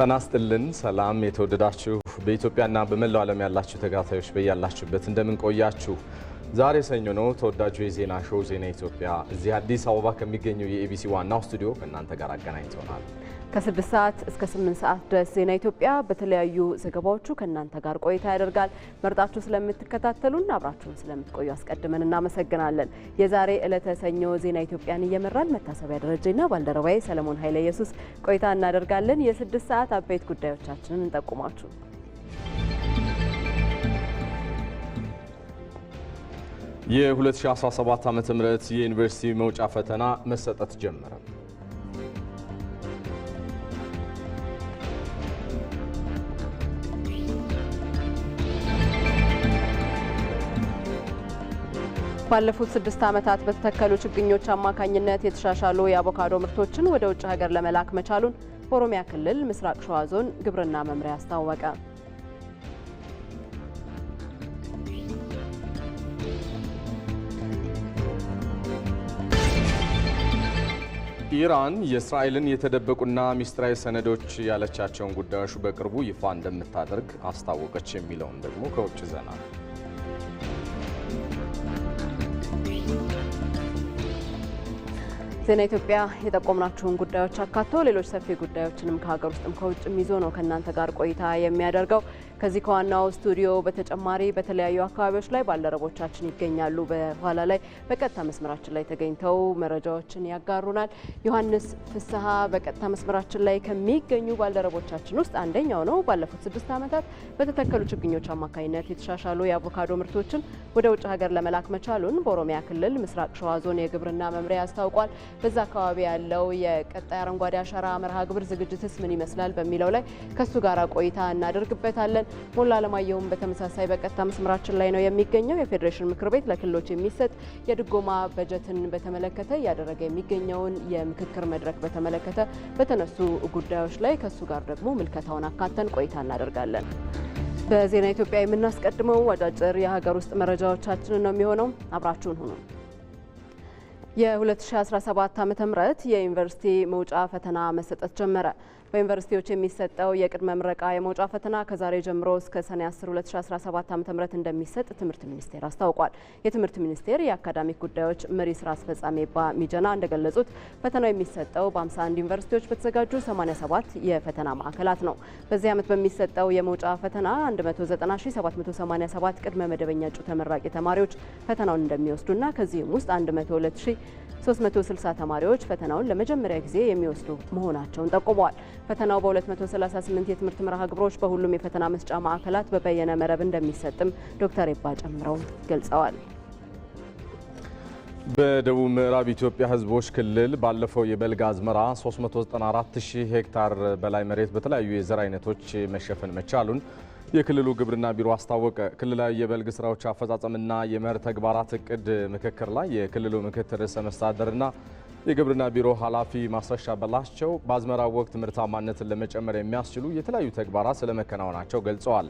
ጤና ይስጥልን። ሰላም የተወደዳችሁ በኢትዮጵያና በመላው ዓለም ያላችሁ ተከታታዮች በያላችሁበት እንደምን ቆያችሁ? ዛሬ ሰኞ ነው። ተወዳጁ የዜና ሾው ዜና ኢትዮጵያ እዚህ አዲስ አበባ ከሚገኘው የኤቢሲ ዋናው ስቱዲዮ ከእናንተ ጋር አገናኝተናል። ከስድስት ሰዓት እስከ ስምንት ሰዓት ድረስ ዜና ኢትዮጵያ በተለያዩ ዘገባዎቹ ከእናንተ ጋር ቆይታ ያደርጋል። መርጣችሁ ስለምትከታተሉን አብራችሁን ስለምትቆዩ አስቀድመን እናመሰግናለን። የዛሬ ዕለተ ሰኞ ዜና ኢትዮጵያን እየመራን መታሰቢያ ደረጀና ባልደረባዬ ሰለሞን ኃይለ ኢየሱስ ቆይታ እናደርጋለን። የስድስት ሰዓት አበይት ጉዳዮቻችንን እንጠቁማችሁ የ2017 ዓ.ም የዩኒቨርሲቲ መውጫ ፈተና መሰጠት ጀመረ። ባለፉት ስድስት ዓመታት በተተከሉ ችግኞች አማካኝነት የተሻሻሉ የአቮካዶ ምርቶችን ወደ ውጭ ሀገር ለመላክ መቻሉን በኦሮሚያ ክልል ምስራቅ ሸዋ ዞን ግብርና መምሪያ አስታወቀ። ኢራን የእስራኤልን የተደበቁና ሚስጥራዊ ሰነዶች ያለቻቸውን ጉዳዮች በቅርቡ ይፋ እንደምታደርግ አስታወቀች። የሚለውን ደግሞ ከውጭ ዘና ዜና ኢትዮጵያ የጠቆምናችሁን ጉዳዮች አካቶ ሌሎች ሰፊ ጉዳዮችንም ከሀገር ውስጥም ከውጭም ይዞ ነው ከእናንተ ጋር ቆይታ የሚያደርገው። ከዚህ ከዋናው ስቱዲዮ በተጨማሪ በተለያዩ አካባቢዎች ላይ ባልደረቦቻችን ይገኛሉ። በኋላ ላይ በቀጥታ መስመራችን ላይ ተገኝተው መረጃዎችን ያጋሩናል። ዮሐንስ ፍስሀ በቀጥታ መስመራችን ላይ ከሚገኙ ባልደረቦቻችን ውስጥ አንደኛው ነው። ባለፉት ስድስት ዓመታት በተተከሉ ችግኞች አማካኝነት የተሻሻሉ የአቮካዶ ምርቶችን ወደ ውጭ ሀገር ለመላክ መቻሉን በኦሮሚያ ክልል ምስራቅ ሸዋ ዞን የግብርና መምሪያ አስታውቋል። በዛ አካባቢ ያለው የቀጣይ አረንጓዴ አሻራ መርሃ ግብር ዝግጅትስ ምን ይመስላል በሚለው ላይ ከእሱ ጋር ቆይታ እናደርግበታለን። ሞላ አለማየሁም በተመሳሳይ በቀጥታ መስመራችን ላይ ነው የሚገኘው። የፌዴሬሽን ምክር ቤት ለክልሎች የሚሰጥ የድጎማ በጀትን በተመለከተ እያደረገ የሚገኘውን የምክክር መድረክ በተመለከተ በተነሱ ጉዳዮች ላይ ከእሱ ጋር ደግሞ ምልከታውን አካተን ቆይታ እናደርጋለን። በዜና ኢትዮጵያ የምናስቀድመው አጫጭር የሀገር ውስጥ መረጃዎቻችንን ነው የሚሆነው። አብራችሁን ሁኑ። የ2017 ዓ.ም የዩኒቨርሲቲ መውጫ ፈተና መሰጠት ጀመረ። በዩኒቨርሲቲዎች የሚሰጠው የቅድመ ምረቃ የመውጫ ፈተና ከዛሬ ጀምሮ እስከ ሰኔ 10 2017 ዓ.ም እንደሚሰጥ ትምህርት ሚኒስቴር አስታውቋል። የትምህርት ሚኒስቴር የአካዳሚክ ጉዳዮች መሪ ስራ አስፈጻሚ ባሚጀና እንደገለጹት ፈተናው የሚሰጠው በ51 ዩኒቨርሲቲዎች በተዘጋጁ 87 የፈተና ማዕከላት ነው። በዚህ ዓመት በሚሰጠው የመውጫ ፈተና 190787 ቅድመ መደበኛ እጩ ተመራቂ ተማሪዎች ፈተናውን እንደሚወስዱና ከዚህም ውስጥ 360 ተማሪዎች ፈተናውን ለመጀመሪያ ጊዜ የሚወስዱ መሆናቸውን ጠቁመዋል። ፈተናው በ238 የትምህርት መርሃ ግብሮች በሁሉም የፈተና መስጫ ማዕከላት በበየነ መረብ እንደሚሰጥም ዶክተር ኤባ ጨምረው ገልጸዋል። በደቡብ ምዕራብ ኢትዮጵያ ሕዝቦች ክልል ባለፈው የበልግ አዝመራ 394000 ሄክታር በላይ መሬት በተለያዩ የዘር አይነቶች መሸፈን መቻሉን የክልሉ ግብርና ቢሮ አስታወቀ። ክልላዊ የበልግ ስራዎች አፈጻጸምና የመኸር ተግባራት እቅድ ምክክር ላይ የክልሉ ምክትል ርዕሰ መስተዳድርና የግብርና ቢሮ ኃላፊ ማስረሻ በላቸው በአዝመራ ወቅት ምርታማነትን ለመጨመር የሚያስችሉ የተለያዩ ተግባራት ስለመከናወናቸው ገልጸዋል።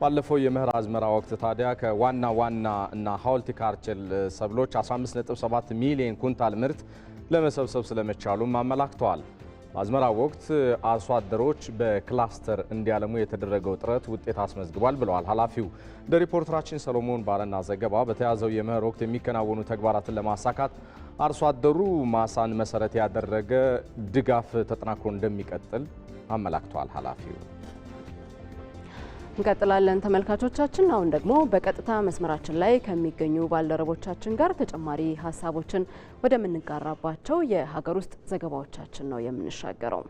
ባለፈው የምህር አዝመራ ወቅት ታዲያ ከዋና ዋና እና ሆልቲካልቸር ሰብሎች 15.7 ሚሊዮን ኩንታል ምርት ለመሰብሰብ ስለመቻሉም አመላክተዋል። በአዝመራ ወቅት አርሶ አደሮች በክላስተር እንዲያለሙ የተደረገው ጥረት ውጤት አስመዝግቧል ብለዋል ኃላፊው። እንደ ሪፖርተራችን ሰሎሞን ባለና ዘገባ በተያዘው የመኸር ወቅት የሚከናወኑ ተግባራትን ለማሳካት አርሶ አደሩ ማሳን መሰረት ያደረገ ድጋፍ ተጠናክሮ እንደሚቀጥል አመላክቷል ኃላፊው። እንቀጥላለን ተመልካቾቻችን። አሁን ደግሞ በቀጥታ መስመራችን ላይ ከሚገኙ ባልደረቦቻችን ጋር ተጨማሪ ሀሳቦችን ወደምንጋራባቸው የሀገር ውስጥ ዘገባዎቻችን ነው የምንሻገረው።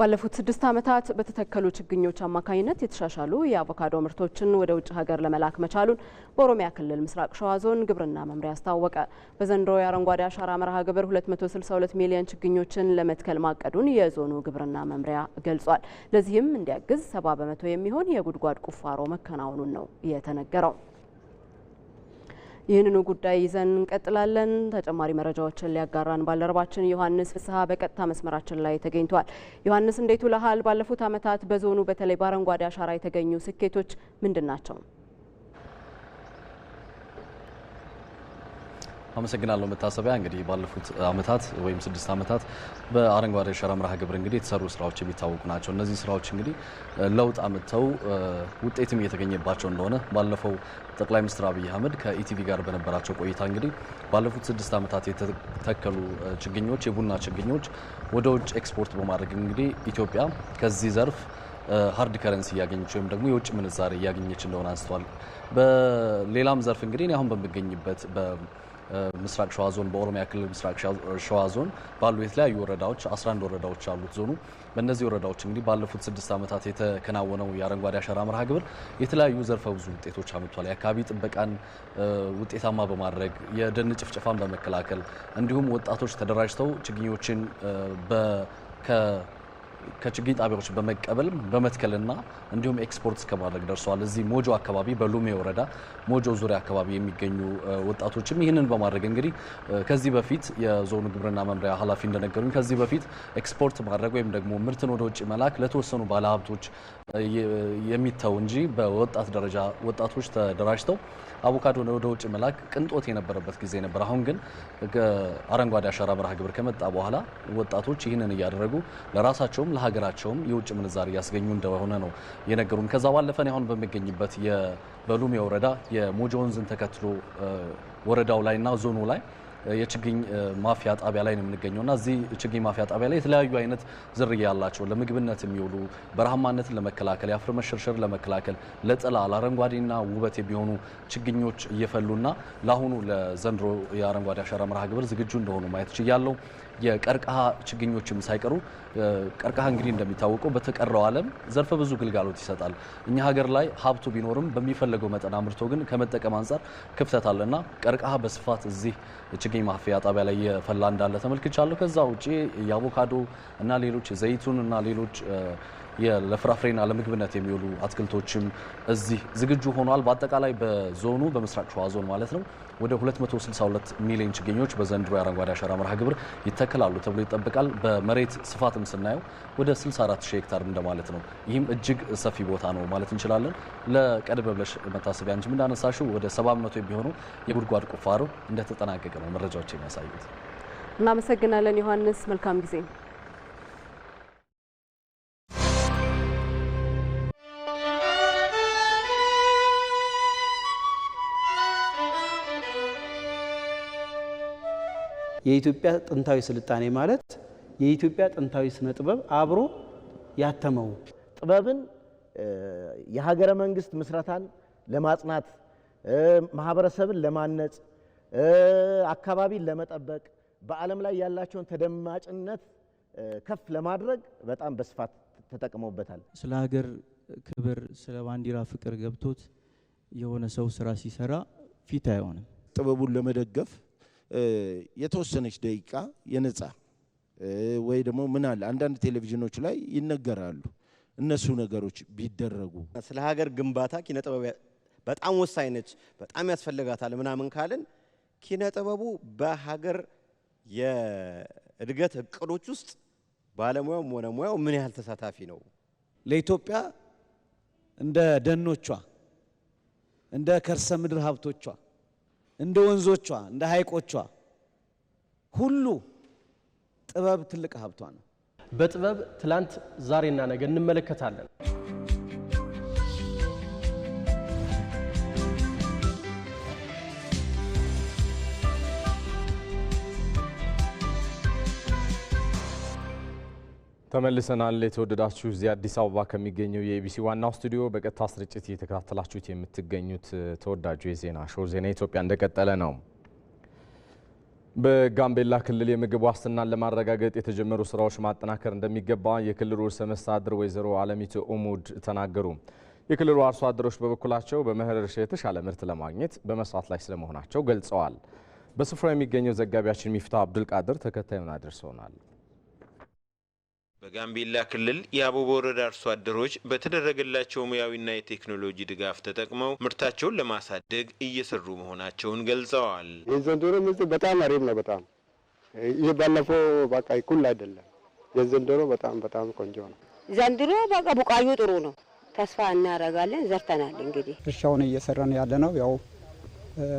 ባለፉት ስድስት ዓመታት በተተከሉ ችግኞች አማካኝነት የተሻሻሉ የአቮካዶ ምርቶችን ወደ ውጭ ሀገር ለመላክ መቻሉን በኦሮሚያ ክልል ምስራቅ ሸዋ ዞን ግብርና መምሪያ አስታወቀ። በዘንድሮ የአረንጓዴ አሻራ መርሃ ግብር 262 ሚሊዮን ችግኞችን ለመትከል ማቀዱን የዞኑ ግብርና መምሪያ ገልጿል። ለዚህም እንዲያግዝ ሰባ በመቶ የሚሆን የጉድጓድ ቁፋሮ መከናወኑን ነው የተነገረው። ይህንኑ ጉዳይ ይዘን እንቀጥላለን። ተጨማሪ መረጃዎችን ሊያጋራን ባልደረባችን ዮሐንስ ፍስሀ በቀጥታ መስመራችን ላይ ተገኝቷል። ዮሐንስ እንዴት ውለሃል? ባለፉት ዓመታት በዞኑ በተለይ በአረንጓዴ አሻራ የተገኙ ስኬቶች ምንድን ናቸው? አመሰግናለሁ መታሰቢያ። እንግዲህ ባለፉት አመታት ወይም ስድስት አመታት በአረንጓዴ አሻራ መርሃ ግብር እንግዲህ የተሰሩ ስራዎች የሚታወቁ ናቸው። እነዚህ ስራዎች እንግዲህ ለውጥ አምጥተው ውጤትም እየተገኘባቸው እንደሆነ ባለፈው ጠቅላይ ሚኒስትር አብይ አህመድ ከኢቲቪ ጋር በነበራቸው ቆይታ እንግዲህ ባለፉት ስድስት ዓመታት የተተከሉ ችግኞች የቡና ችግኞች ወደ ውጭ ኤክስፖርት በማድረግ እንግዲህ ኢትዮጵያ ከዚህ ዘርፍ ሀርድ ከረንሲ እያገኘች ወይም ደግሞ የውጭ ምንዛሬ እያገኘች እንደሆነ አንስተዋል። በሌላም ዘርፍ እንግዲህ አሁን በሚገኝበት ምስራቅ ሸዋ ዞን በኦሮሚያ ክልል ምስራቅ ሸዋ ዞን ባሉ የተለያዩ ወረዳዎች 11 ወረዳዎች አሉት ዞኑ። በእነዚህ ወረዳዎች እንግዲህ ባለፉት ስድስት ዓመታት የተከናወነው የአረንጓዴ አሻራ መርሃ ግብር የተለያዩ ዘርፈ ብዙ ውጤቶች አምጥቷል። የአካባቢ ጥበቃን ውጤታማ በማድረግ የደን ጭፍጨፋን በመከላከል እንዲሁም ወጣቶች ተደራጅተው ችግኞችን ከችግኝ ጣቢያዎች በመቀበል በመትከልና እንዲሁም ኤክስፖርት እስከማድረግ ደርሰዋል። እዚህ ሞጆ አካባቢ በሉሜ ወረዳ ሞጆ ዙሪያ አካባቢ የሚገኙ ወጣቶችም ይህንን በማድረግ እንግዲህ ከዚህ በፊት የዞኑ ግብርና መምሪያ ኃላፊ እንደነገሩኝ ከዚህ በፊት ኤክስፖርት ማድረግ ወይም ደግሞ ምርትን ወደ ውጭ መላክ ለተወሰኑ ባለሀብቶች የሚተው እንጂ በወጣት ደረጃ ወጣቶች ተደራጅተው አቮካዶ ወደ ውጭ መላክ ቅንጦት የነበረበት ጊዜ ነበር። አሁን ግን አረንጓዴ አሻራ መርሃ ግብር ከመጣ በኋላ ወጣቶች ይህንን እያደረጉ ለራሳቸውም ለክልሉም ለሀገራቸውም የውጭ ምንዛሪ እያስገኙ እንደሆነ ነው የነገሩን። ከዛ ባለፈ ነው አሁን በሚገኝበት በሉሜ ወረዳ የሞጆ ወንዝን ተከትሎ ወረዳው ላይና ዞኑ ላይ የችግኝ ማፍያ ጣቢያ ላይ ነው የምንገኘው እና እዚህ ችግኝ ማፍያ ጣቢያ ላይ የተለያዩ አይነት ዝርያ ያላቸው ለምግብነት የሚውሉ በረሃማነትን ለመከላከል የአፈር መሸርሸር ለመከላከል ለጥላ ለአረንጓዴና ውበት የሚሆኑ ችግኞች እየፈሉና ለአሁኑ ለዘንድሮ የአረንጓዴ አሻራ መርሃ ግብር ዝግጁ እንደሆኑ ማየት ችያለው። የቀርቀሃ ችግኞችም ሳይቀሩ ቀርቀሃ እንግዲህ እንደሚታወቀው በተቀረው ዓለም ዘርፈ ብዙ ግልጋሎት ይሰጣል። እኛ ሀገር ላይ ሀብቱ ቢኖርም በሚፈለገው መጠን አምርቶ ግን ከመጠቀም አንጻር ክፍተት አለና ቀርቀሃ በስፋት እዚህ ችግኝ ማፍያ ጣቢያ ላይ የፈላ እንዳለ ተመልክቻለሁ። ከዛ ውጪ የአቮካዶ እና ሌሎች ዘይቱን እና ሌሎች ለፍራፍሬና ለምግብነት የሚውሉ አትክልቶችም እዚህ ዝግጁ ሆኗል። በአጠቃላይ በዞኑ በምስራቅ ሸዋ ዞን ማለት ነው ወደ 262 ሚሊዮን ችግኞች በዘንድሮ የአረንጓዴ አሻራ መርሃ ግብር ይተከላሉ ተብሎ ይጠበቃል። በመሬት ስፋትም ስናየው ወደ 64 ሺህ ሄክታር እንደማለት ነው። ይህም እጅግ ሰፊ ቦታ ነው ማለት እንችላለን። ለቀደም ብለሽ መታሰቢያ እንጂ እንዳነሳሽው ወደ 700 የሚሆኑ የጉድጓድ ቁፋሮ እንደተጠናቀቀ ነው መረጃዎች የሚያሳዩት። እናመሰግናለን ዮሐንስ፣ መልካም ጊዜ የኢትዮጵያ ጥንታዊ ስልጣኔ ማለት የኢትዮጵያ ጥንታዊ ስነ ጥበብ አብሮ ያተመው ጥበብን የሀገረ መንግስት ምስረታን ለማጽናት ማህበረሰብን ለማነጽ አካባቢን ለመጠበቅ በዓለም ላይ ያላቸውን ተደማጭነት ከፍ ለማድረግ በጣም በስፋት ተጠቅመውበታል። ስለ ሀገር ክብር፣ ስለ ባንዲራ ፍቅር ገብቶት የሆነ ሰው ስራ ሲሰራ ፊት አይሆንም። ጥበቡን ለመደገፍ የተወሰነች ደቂቃ የነጻ ወይ ደግሞ ምን አለ አንዳንድ ቴሌቪዥኖች ላይ ይነገራሉ። እነሱ ነገሮች ቢደረጉ ስለ ሀገር ግንባታ ኪነ ጥበብ በጣም ወሳኝ ነች፣ በጣም ያስፈልጋታል ምናምን ካልን ኪነ ጥበቡ በሀገር የእድገት እቅዶች ውስጥ ባለሙያውም ሆነ ሙያው ምን ያህል ተሳታፊ ነው? ለኢትዮጵያ እንደ ደኖቿ እንደ ከርሰ ምድር ሀብቶቿ እንደ ወንዞቿ እንደ ሐይቆቿ ሁሉ ጥበብ ትልቅ ሀብቷ ነው። በጥበብ ትላንት ዛሬና ነገ እንመለከታለን። ተመልሰናል። የተወደዳችሁ እዚህ አዲስ አበባ ከሚገኘው የኢቢሲ ዋናው ስቱዲዮ በቀጥታ ስርጭት እየተከታተላችሁት የምትገኙት ተወዳጁ የዜና ሾው ዜና ኢትዮጵያ እንደቀጠለ ነው። በጋምቤላ ክልል የምግብ ዋስትናን ለማረጋገጥ የተጀመሩ ስራዎች ማጠናከር እንደሚገባ የክልሉ ርዕሰ መስተዳድር ወይዘሮ አለሚቱ ኡሙድ ተናገሩ። የክልሉ አርሶ አደሮች በበኩላቸው በመኸር እርሻ የተሻለ ምርት ለማግኘት በመስራት ላይ ስለመሆናቸው ገልጸዋል። በስፍራው የሚገኘው ዘጋቢያችን ሚፍታ አብዱል ቃድር ተከታዩን አድርሰውናል። በጋምቤላ ክልል የአቦቦ ወረዳ አርሶ አደሮች በተደረገላቸው ሙያዊና የቴክኖሎጂ ድጋፍ ተጠቅመው ምርታቸውን ለማሳደግ እየሰሩ መሆናቸውን ገልጸዋል። የዘንድሮ ምርት በጣም አሪፍ ነው። በጣም ይህ ባለፈው በቃ ይኩል አይደለም። የዘንድሮ በጣም በጣም ቆንጆ ነው። ዘንድሮ በቃ ቡቃዩ ጥሩ ነው። ተስፋ እናደርጋለን። ዘርተናል። እንግዲህ እርሻውን እየሰራን ያለ ነው ያው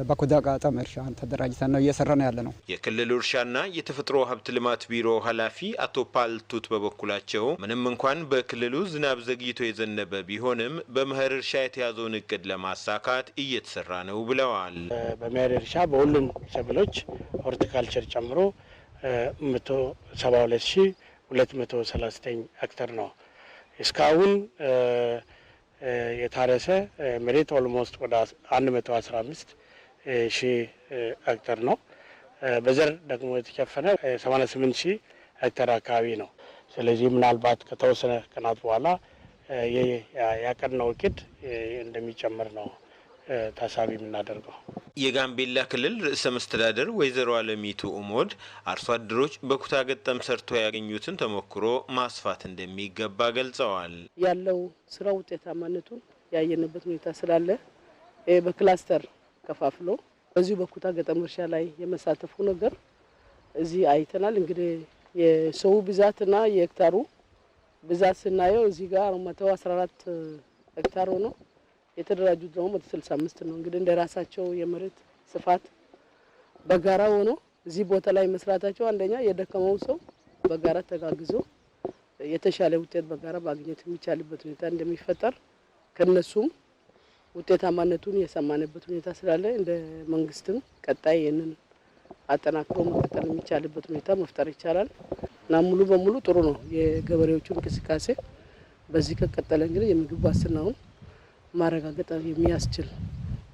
በኩዳ ጠም እርሻ ተደራጅተን ነው ነው ያለ ነው። የክልሉ እርሻና የተፈጥሮ ሀብት ልማት ቢሮ ኃላፊ አቶ ፓልቱት በበኩላቸው ምንም እንኳን በክልሉ ዝናብ ዘግይቶ የዘነበ ቢሆንም በመኸር እርሻ የተያዘውን እቅድ ለማሳካት እየተሰራ ነው ብለዋል። በመኸር እርሻ በሁሉም ሰብሎች ሆርቲካልቸር ጨምሮ መቶ ሄክተር ነው እስካሁን የታረሰ መሬት ኦልሞስት ወደ 115 ሺህ ነው። በዘር ደግሞ የተሸፈነ 88 ሺህ ሄክተር አካባቢ ነው። ስለዚህ ምናልባት ከተወሰነ ቀናት በኋላ ያቀድነው እቅድ እንደሚጨምር ነው ታሳቢ የምናደርገው። የጋምቤላ ክልል ርዕሰ መስተዳደር ወይዘሮ አለሚቱ ኡሞድ አርሶ አደሮች በኩታ ገጠም ሰርቶ ያገኙትን ተሞክሮ ማስፋት እንደሚገባ ገልጸዋል። ያለው ስራ ውጤታማነቱን ያየንበት ሁኔታ ስላለ በክላስተር ከፋፍሎ በዚሁ በኩታ ገጠም እርሻ ላይ የመሳተፉ ነገር እዚህ አይተናል። እንግዲህ የሰው ብዛትና የሄክታሩ ብዛት ስናየው እዚህ ጋር መቶ አስራ አራት ሄክታር ሆኖ የተደራጁት ደግሞ መቶ ስልሳ አምስት ነው። እንግዲህ እንደ ራሳቸው የመሬት ስፋት በጋራ ሆኖ እዚህ ቦታ ላይ መስራታቸው አንደኛ የደከመው ሰው በጋራ ተጋግዞ የተሻለ ውጤት በጋራ ማግኘት የሚቻልበት ሁኔታ እንደሚፈጠር ከነሱም ውጤታማነቱን የሰማንበት ሁኔታ ስላለ እንደ መንግስትም ቀጣይ ይህንን አጠናክሮ መቀጠል የሚቻልበት ሁኔታ መፍጠር ይቻላል እና ሙሉ በሙሉ ጥሩ ነው የገበሬዎቹ እንቅስቃሴ። በዚህ ከቀጠለ እንግዲህ የምግብ ዋስትናውን ማረጋገጥ የሚያስችል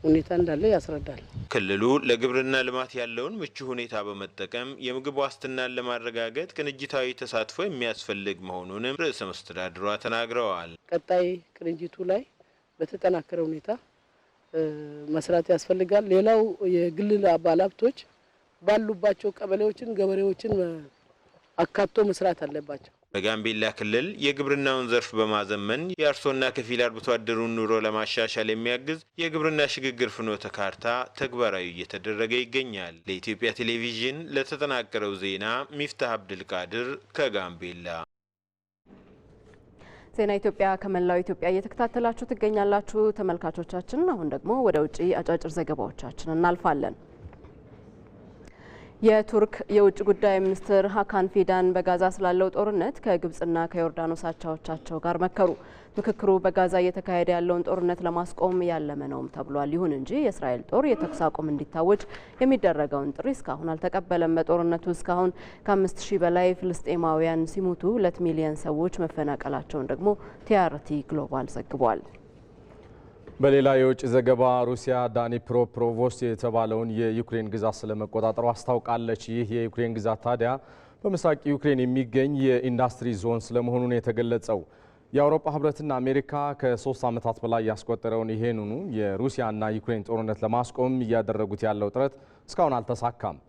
ሁኔታ እንዳለ ያስረዳል። ክልሉ ለግብርና ልማት ያለውን ምቹ ሁኔታ በመጠቀም የምግብ ዋስትናን ለማረጋገጥ ቅንጅታዊ ተሳትፎ የሚያስፈልግ መሆኑንም ርዕሰ መስተዳድሯ ተናግረዋል። ቀጣይ ቅንጅቱ ላይ በተጠናከረ ሁኔታ መስራት ያስፈልጋል። ሌላው የግል ባለሀብቶች ባሉባቸው ቀበሌዎችን ገበሬዎችን አካቶ መስራት አለባቸው። በጋምቤላ ክልል የግብርናውን ዘርፍ በማዘመን የአርሶና ከፊል አርብቶ አደሩን ኑሮ ለማሻሻል የሚያግዝ የግብርና ሽግግር ፍኖተ ካርታ ተግባራዊ እየተደረገ ይገኛል። ለኢትዮጵያ ቴሌቪዥን ለተጠናቀረው ዜና ሚፍታህ አብድልቃድር ከጋምቤላ ዜና ኢትዮጵያ ከመላው ኢትዮጵያ እየተከታተላችሁ ትገኛላችሁ ተመልካቾቻችን። አሁን ደግሞ ወደ ውጪ አጫጭር ዘገባዎቻችን እናልፋለን። የቱርክ የውጭ ጉዳይ ሚኒስትር ሀካን ፊዳን በጋዛ ስላለው ጦርነት ከግብጽና ከዮርዳኖስ አቻዎቻቸው ጋር መከሩ። ምክክሩ በጋዛ እየተካሄደ ያለውን ጦርነት ለማስቆም ያለመ ነውም ተብሏል። ይሁን እንጂ የእስራኤል ጦር የተኩስ አቁም እንዲታወጅ የሚደረገውን ጥሪ እስካሁን አልተቀበለም። በጦርነቱ እስካሁን ከአምስት ሺህ በላይ ፍልስጤማውያን ሲሞቱ ሁለት ሚሊዮን ሰዎች መፈናቀላቸውን ደግሞ ቲአርቲ ግሎባል ዘግቧል። በሌላ የውጭ ዘገባ ሩሲያ ዳኒፕሮ ፕሮቮስት የተባለውን የዩክሬን ግዛት ስለመቆጣጠሩ አስታውቃለች። ይህ የዩክሬን ግዛት ታዲያ በምስራቅ ዩክሬን የሚገኝ የኢንዱስትሪ ዞን ስለመሆኑን የተገለጸው። የአውሮፓ ህብረትና አሜሪካ ከሶስት ዓመታት በላይ ያስቆጠረውን ይሄንኑ የሩሲያና ዩክሬን ጦርነት ለማስቆም እያደረጉት ያለው ጥረት እስካሁን አልተሳካም።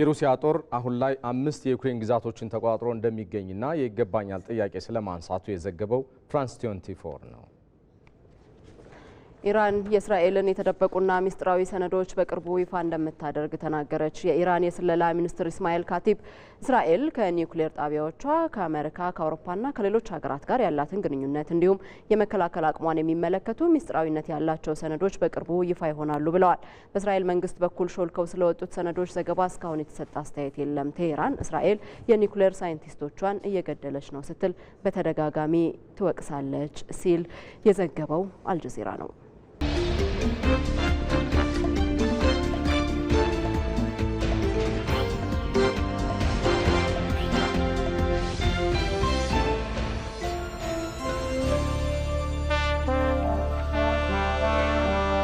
የሩሲያ ጦር አሁን ላይ አምስት የዩክሬን ግዛቶችን ተቆጣጥሮ እንደሚገኝና የይገባኛል ጥያቄ ስለማንሳቱ የዘገበው ፍራንስ 24 ነው። ኢራን የእስራኤልን የተደበቁና ሚስጥራዊ ሰነዶች በቅርቡ ይፋ እንደምታደርግ ተናገረች። የኢራን የስለላ ሚኒስትር ኢስማኤል ካቲብ እስራኤል ከኒውክሌር ጣቢያዎቿ ከአሜሪካ፣ ከአውሮፓና ከሌሎች ሀገራት ጋር ያላትን ግንኙነት እንዲሁም የመከላከል አቅሟን የሚመለከቱ ሚስጥራዊነት ያላቸው ሰነዶች በቅርቡ ይፋ ይሆናሉ ብለዋል። በእስራኤል መንግስት በኩል ሾልከው ስለወጡት ሰነዶች ዘገባ እስካሁን የተሰጠ አስተያየት የለም። ቴሄራን እስራኤል የኒውክሌር ሳይንቲስቶቿን እየገደለች ነው ስትል በተደጋጋሚ ትወቅሳለች ሲል የዘገበው አልጀዚራ ነው።